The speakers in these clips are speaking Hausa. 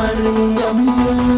مريم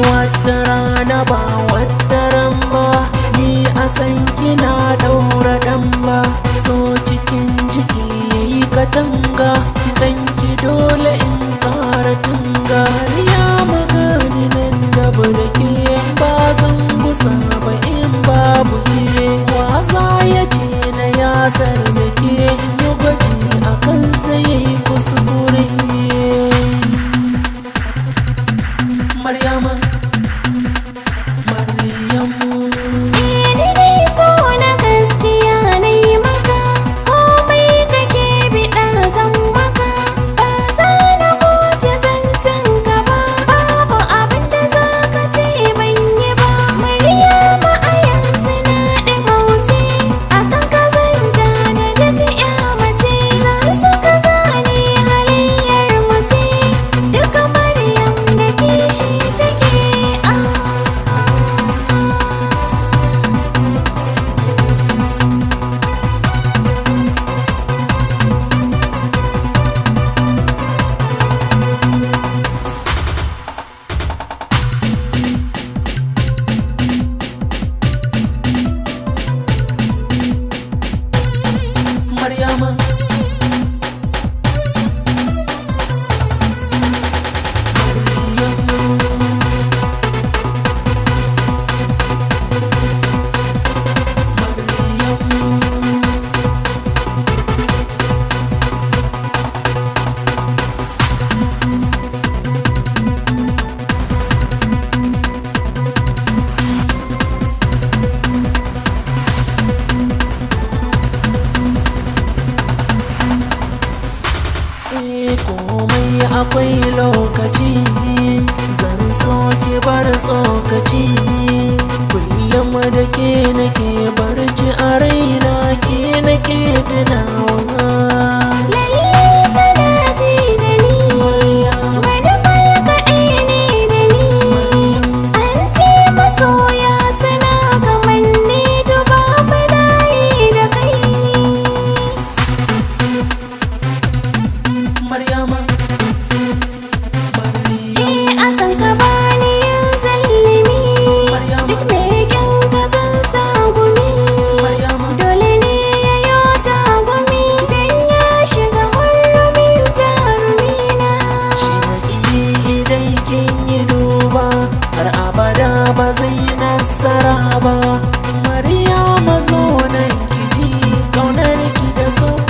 wata rana ba wata ran ba ni a san kina daura dan ba so cikin jiki yayi katanga danki dole in fara tunga ya magani nan da bulke ba zan kusa ba in babu ke wasa ya ce na ya da ke gwaji akan sai yayi kuskure Mariama komai akwai lokaci zan so ki bar tsokaci kullum da ke nake barci a raina ke nake tunawa nasara maria Maryama zo nan kiji kaunar da so